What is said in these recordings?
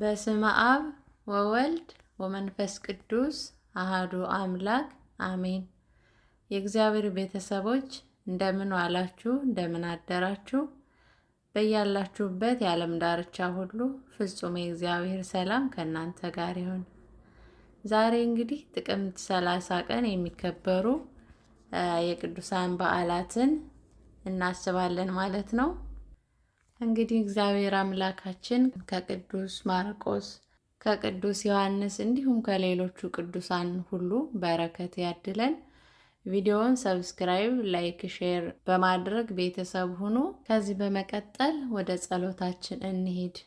በስመ አብ ወወልድ ወመንፈስ ቅዱስ አህዱ አምላክ አሜን። የእግዚአብሔር ቤተሰቦች እንደምን ዋላችሁ? እንደምን አደራችሁ? በያላችሁበት የዓለም ዳርቻ ሁሉ ፍጹም የእግዚአብሔር ሰላም ከእናንተ ጋር ይሁን። ዛሬ እንግዲህ ጥቅምት ሰላሳ ቀን የሚከበሩ የቅዱሳን በዓላትን እናስባለን ማለት ነው። እንግዲህ እግዚአብሔር አምላካችን ከቅዱስ ማርቆስ ከቅዱስ ዮሐንስ እንዲሁም ከሌሎቹ ቅዱሳን ሁሉ በረከት ያድለን። ቪዲዮውን ሰብስክራይብ፣ ላይክ፣ ሼር በማድረግ ቤተሰብ ሁኑ። ከዚህ በመቀጠል ወደ ጸሎታችን እንሂድ።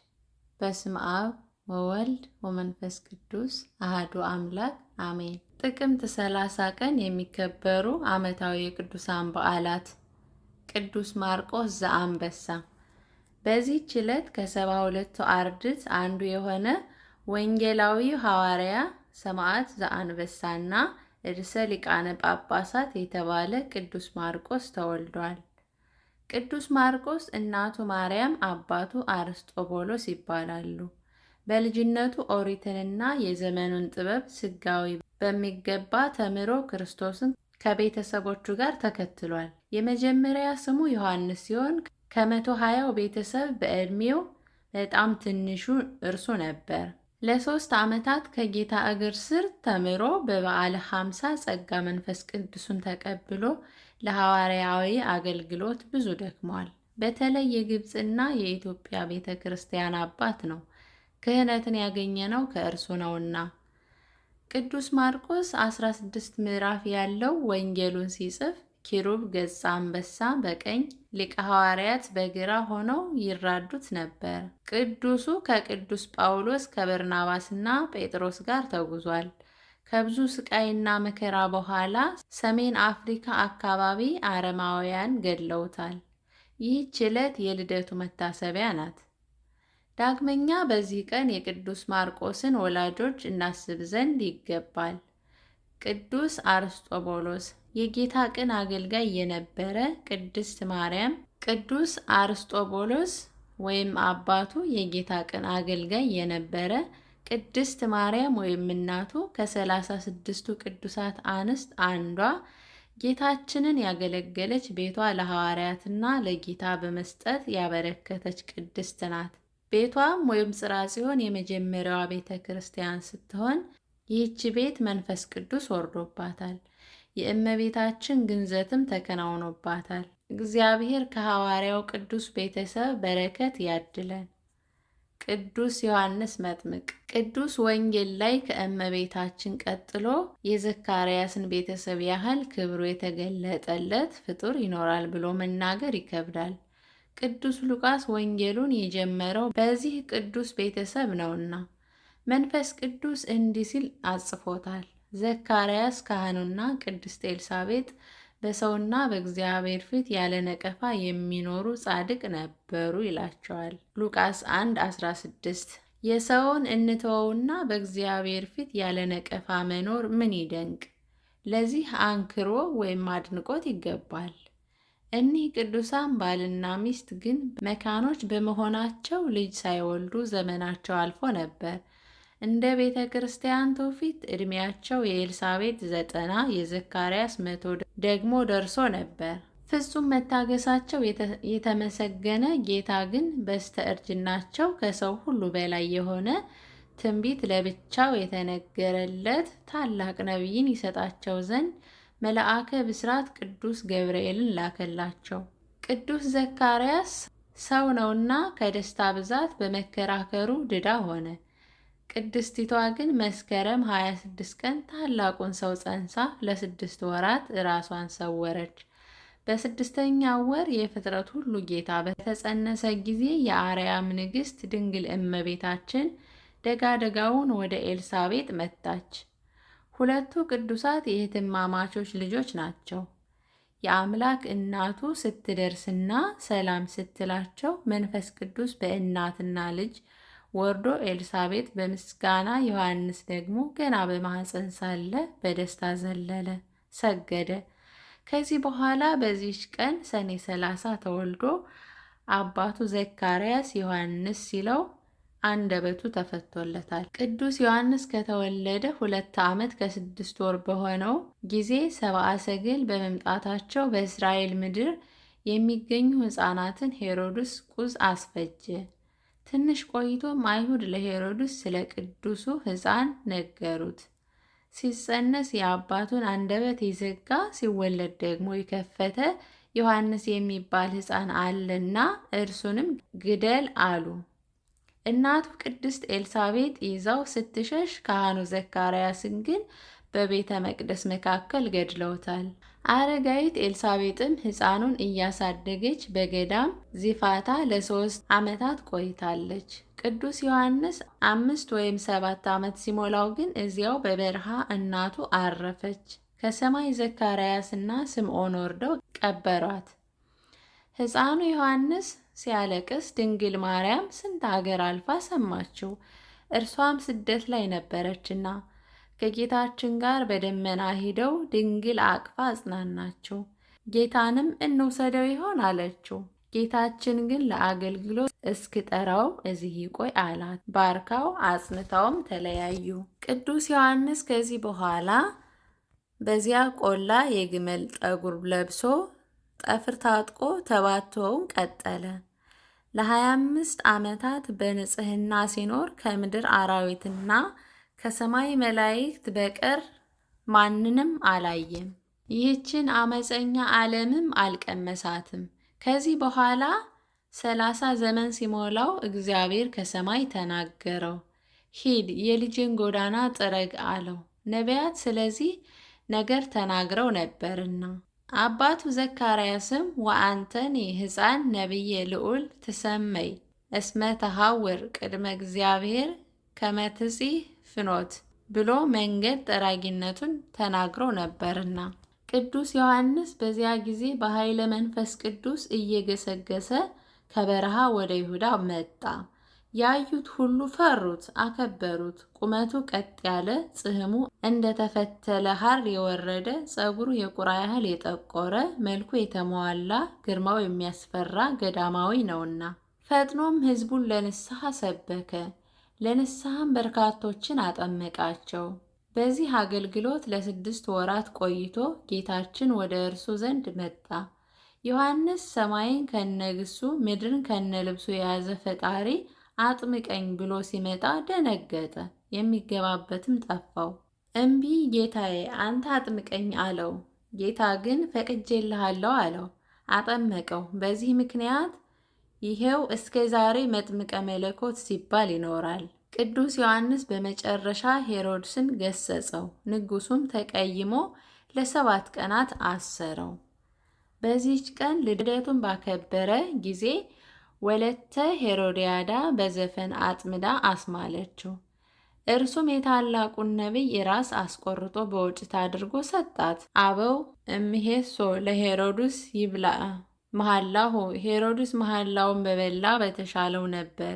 በስም አብ ወወልድ ወመንፈስ ቅዱስ አህዱ አምላክ አሜን። ጥቅምት ሰላሳ ቀን የሚከበሩ ዓመታዊ የቅዱሳን በዓላት ቅዱስ ማርቆስ ዘአንበሳ በዚህች ዕለት ከሰባ ሁለቱ አርድት አንዱ የሆነ ወንጌላዊ ሐዋርያ ሰማዕት ዘአንበሳና እርሰ ሊቃነ ጳጳሳት የተባለ ቅዱስ ማርቆስ ተወልዷል። ቅዱስ ማርቆስ እናቱ ማርያም፣ አባቱ አርስጦቦሎስ ይባላሉ። በልጅነቱ ኦሪትንና የዘመኑን ጥበብ ስጋዊ በሚገባ ተምሮ ክርስቶስን ከቤተሰቦቹ ጋር ተከትሏል። የመጀመሪያ ስሙ ዮሐንስ ሲሆን ከመቶ ሀያው ቤተሰብ በዕድሜው በጣም ትንሹ እርሱ ነበር። ለሦስት ዓመታት ከጌታ እግር ስር ተምሮ በበዓለ ሐምሳ ጸጋ መንፈስ ቅዱሱን ተቀብሎ ለሐዋርያዊ አገልግሎት ብዙ ደክሟል። በተለይ የግብፅና የኢትዮጵያ ቤተ ክርስቲያን አባት ነው። ክህነትን ያገኘነው ከእርሱ ነውና። ቅዱስ ማርቆስ 16 ምዕራፍ ያለው ወንጌሉን ሲጽፍ ኪሩብ ገጸ አንበሳ በቀኝ ሊቀ ሐዋርያት በግራ ሆነው ይራዱት ነበር። ቅዱሱ ከቅዱስ ጳውሎስ ከበርናባስና ጴጥሮስ ጋር ተጉዟል። ከብዙ ስቃይና መከራ በኋላ ሰሜን አፍሪካ አካባቢ አረማውያን ገድለውታል። ይህች ዕለት የልደቱ መታሰቢያ ናት። ዳግመኛ በዚህ ቀን የቅዱስ ማርቆስን ወላጆች እናስብ ዘንድ ይገባል። ቅዱስ አርስጦቦሎስ የጌታ ቅን አገልጋይ የነበረ ቅድስት ማርያም። ቅዱስ አርስጦቦሎስ ወይም አባቱ የጌታ ቅን አገልጋይ የነበረ ቅድስት ማርያም ወይም እናቱ ከሰላሳ ስድስቱ ቅዱሳት አንስት አንዷ ጌታችንን ያገለገለች ቤቷ ለሐዋርያትና ለጌታ በመስጠት ያበረከተች ቅድስት ናት። ቤቷም ወይም ጽርሐ ጽዮን የመጀመሪያዋ ቤተ ክርስቲያን ስትሆን ይህች ቤት መንፈስ ቅዱስ ወርዶባታል፣ የእመቤታችን ግንዘትም ተከናውኖባታል። እግዚአብሔር ከሐዋርያው ቅዱስ ቤተሰብ በረከት ያድለን። ቅዱስ ዮሐንስ መጥምቅ ቅዱስ ወንጌል ላይ ከእመቤታችን ቀጥሎ የዘካርያስን ቤተሰብ ያህል ክብሩ የተገለጠለት ፍጡር ይኖራል ብሎ መናገር ይከብዳል። ቅዱስ ሉቃስ ወንጌሉን የጀመረው በዚህ ቅዱስ ቤተሰብ ነውና መንፈስ ቅዱስ እንዲህ ሲል አጽፎታል። ዘካርያስ ካህኑና ቅድስት ኤልሳቤጥ በሰውና በእግዚአብሔር ፊት ያለ ነቀፋ የሚኖሩ ጻድቅ ነበሩ ይላቸዋል። ሉቃስ 1 16 የሰውን እንተወውና በእግዚአብሔር ፊት ያለ ነቀፋ መኖር ምን ይደንቅ! ለዚህ አንክሮ ወይም አድንቆት ይገባል። እኒህ ቅዱሳን ባልና ሚስት ግን መካኖች በመሆናቸው ልጅ ሳይወልዱ ዘመናቸው አልፎ ነበር። እንደ ቤተ ክርስቲያን ትውፊት ዕድሜያቸው የኤልሳቤት ዘጠና የዘካርያስ መቶ ደግሞ ደርሶ ነበር። ፍጹም መታገሳቸው የተመሰገነ ጌታ ግን በስተ እርጅናቸው ከሰው ሁሉ በላይ የሆነ ትንቢት ለብቻው የተነገረለት ታላቅ ነቢይን ይሰጣቸው ዘንድ መልአከ ብስራት ቅዱስ ገብርኤልን ላከላቸው። ቅዱስ ዘካርያስ ሰው ነውና ከደስታ ብዛት በመከራከሩ ድዳ ሆነ። ቅድስቲቷ ግን መስከረም 26 ቀን ታላቁን ሰው ጸንሳ ለስድስት ወራት ራሷን ሰወረች። በስድስተኛው ወር የፍጥረት ሁሉ ጌታ በተጸነሰ ጊዜ የአርያም ንግሥት ድንግል እመቤታችን ደጋደጋውን ወደ ኤልሳቤጥ መጣች። ሁለቱ ቅዱሳት የእህትማማቾች ልጆች ናቸው። የአምላክ እናቱ ስትደርስና ሰላም ስትላቸው መንፈስ ቅዱስ በእናትና ልጅ ወርዶ ኤልሳቤጥ በምስጋና ዮሐንስ ደግሞ ገና በማኅፀን ሳለ በደስታ ዘለለ፣ ሰገደ። ከዚህ በኋላ በዚች ቀን ሰኔ ሰላሳ ተወልዶ አባቱ ዘካርያስ ዮሐንስ ሲለው አንደበቱ ተፈቶለታል። ቅዱስ ዮሐንስ ከተወለደ ሁለት ዓመት ከስድስት ወር በሆነው ጊዜ ሰብአ ሰገል በመምጣታቸው በእስራኤል ምድር የሚገኙ ሕፃናትን ሄሮድስ ቁዝ አስፈጀ። ትንሽ ቆይቶም አይሁድ ለሄሮድስ ስለ ቅዱሱ ሕፃን ነገሩት። ሲጸነስ የአባቱን አንደበት የዘጋ ሲወለድ ደግሞ የከፈተ ዮሐንስ የሚባል ሕፃን አለና እርሱንም ግደል አሉ። እናቱ ቅድስት ኤልሳቤጥ ይዛው ስትሸሽ ካህኑ ዘካርያስን ግን በቤተ መቅደስ መካከል ገድለውታል። አረጋዊት ኤልሳቤጥም ሕፃኑን እያሳደገች በገዳም ዚፋታ ለሶስት ዓመታት ቆይታለች። ቅዱስ ዮሐንስ አምስት ወይም ሰባት ዓመት ሲሞላው ግን እዚያው በበረሃ እናቱ አረፈች። ከሰማይ ዘካርያስና ስምዖን ወርደው ቀበሯት። ሕፃኑ ዮሐንስ ሲያለቅስ ድንግል ማርያም ስንት አገር አልፋ ሰማችው። እርሷም ስደት ላይ ነበረችና ከጌታችን ጋር በደመና ሄደው ድንግል አቅፋ አጽናናቸው። ጌታንም እንውሰደው ይሆን አለችው። ጌታችን ግን ለአገልግሎት እስክጠራው እዚህ ይቆይ አላት። ባርካው አጽንታውም ተለያዩ። ቅዱስ ዮሐንስ ከዚህ በኋላ በዚያ ቆላ የግመል ጠጉር ለብሶ ጠፍር ታጥቆ ተባቶውን ቀጠለ። ለሀያ አምስት ዓመታት በንጽህና ሲኖር ከምድር አራዊትና ከሰማይ መላእክት በቀር ማንንም አላየም። ይህችን አመፀኛ ዓለምም አልቀመሳትም። ከዚህ በኋላ ሰላሳ ዘመን ሲሞላው እግዚአብሔር ከሰማይ ተናገረው። ሂድ የልጅን ጎዳና ጥረግ አለው። ነቢያት ስለዚህ ነገር ተናግረው ነበርና አባቱ ዘካርያስም ወአንተኒ ሕፃን ነቢየ ልዑል ትሰመይ እስመ ቅድመ እግዚአብሔር ከመትጺህ ፍኖት ብሎ መንገድ ጠራጊነቱን ተናግሮ ነበርና። ቅዱስ ዮሐንስ በዚያ ጊዜ በኃይለ መንፈስ ቅዱስ እየገሰገሰ ከበረሃ ወደ ይሁዳ መጣ። ያዩት ሁሉ ፈሩት፣ አከበሩት። ቁመቱ ቀጥ ያለ፣ ጽህሙ እንደ ተፈተለ ሐር የወረደ፣ ጸጉሩ የቁራ ያህል የጠቆረ፣ መልኩ የተሟላ፣ ግርማው የሚያስፈራ ገዳማዊ ነውና፣ ፈጥኖም ሕዝቡን ለንስሐ ሰበከ። ለንስሐም በርካቶችን አጠመቃቸው። በዚህ አገልግሎት ለስድስት ወራት ቆይቶ ጌታችን ወደ እርሱ ዘንድ መጣ። ዮሐንስ ሰማይን ከነግሱ ምድርን ከነልብሱ የያዘ ፈጣሪ አጥምቀኝ ብሎ ሲመጣ ደነገጠ፣ የሚገባበትም ጠፋው። እምቢ ጌታዬ አንተ አጥምቀኝ አለው። ጌታ ግን ፈቅጄልሃለሁ አለው። አጠመቀው። በዚህ ምክንያት ይሄው እስከ ዛሬ መጥምቀ መለኮት ሲባል ይኖራል። ቅዱስ ዮሐንስ በመጨረሻ ሄሮድስን ገሰጸው፣ ንጉሱም ተቀይሞ ለሰባት ቀናት አሰረው። በዚች ቀን ልደቱን ባከበረ ጊዜ ወለተ ሄሮዲያዳ በዘፈን አጥምዳ አስማለችው። እርሱም የታላቁን ነቢይ ራስ አስቆርጦ በውጭት አድርጎ ሰጣት። አበው እምሄሶ ለሄሮድስ ይብላዕ መሐላሁ ሄሮድስ መሐላውን በበላ በተሻለው ነበር።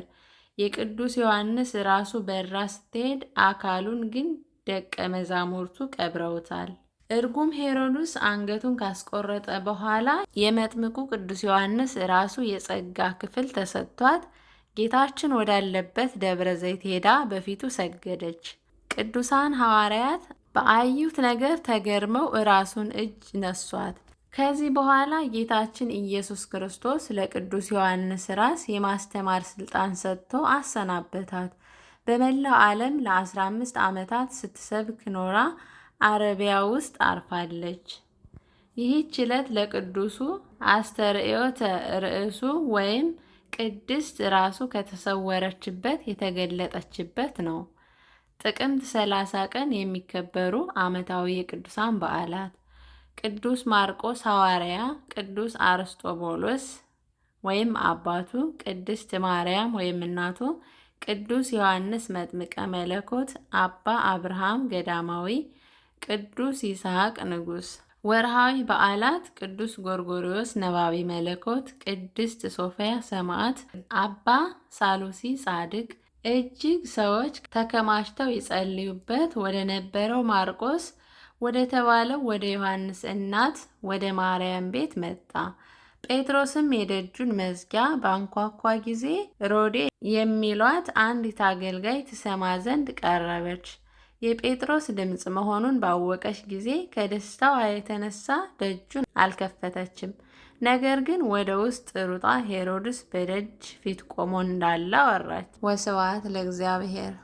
የቅዱስ ዮሐንስ ራሱ በራ ስትሄድ አካሉን ግን ደቀ መዛሙርቱ ቀብረውታል። እርጉም ሄሮድስ አንገቱን ካስቆረጠ በኋላ የመጥምቁ ቅዱስ ዮሐንስ ራሱ የጸጋ ክፍል ተሰጥቷት ጌታችን ወዳለበት ደብረ ዘይት ሄዳ በፊቱ ሰገደች። ቅዱሳን ሐዋርያት በአዩት ነገር ተገርመው ራሱን እጅ ነሷት። ከዚህ በኋላ ጌታችን ኢየሱስ ክርስቶስ ለቅዱስ ዮሐንስ ራስ የማስተማር ስልጣን ሰጥቶ አሰናበታት። በመላው ዓለም ለ15 ዓመታት ስትሰብክ ኖራ አረቢያ ውስጥ አርፋለች። ይህች ዕለት ለቅዱሱ አስተርእዮተ ርእሱ ወይም ቅድስት ራሱ ከተሰወረችበት የተገለጠችበት ነው። ጥቅምት ሰላሳ ቀን የሚከበሩ ዓመታዊ የቅዱሳን በዓላት ቅዱስ ማርቆስ ሐዋርያ፣ ቅዱስ አርስጦቦሎስ ወይም አባቱ፣ ቅድስት ማርያም ወይም እናቱ፣ ቅዱስ ዮሐንስ መጥምቀ መለኮት፣ አባ አብርሃም ገዳማዊ፣ ቅዱስ ይስሐቅ ንጉሥ። ወርሃዊ በዓላት ቅዱስ ጎርጎሪዎስ ነባቢ መለኮት፣ ቅድስት ሶፊያ ሰማዕት፣ አባ ሳሉሲ ጻድቅ። እጅግ ሰዎች ተከማችተው ይጸልዩበት ወደ ነበረው ማርቆስ ወደ ተባለው ወደ ዮሐንስ እናት ወደ ማርያም ቤት መጣ። ጴጥሮስም የደጁን መዝጊያ ባንኳኳ ጊዜ ሮዴ የሚሏት አንዲት አገልጋይ ትሰማ ዘንድ ቀረበች። የጴጥሮስ ድምፅ መሆኑን ባወቀች ጊዜ ከደስታዋ የተነሳ ደጁን አልከፈተችም። ነገር ግን ወደ ውስጥ ሩጣ ሄሮድስ በደጅ ፊት ቆሞ እንዳለ አወራች። ወስብሐት ለእግዚአብሔር።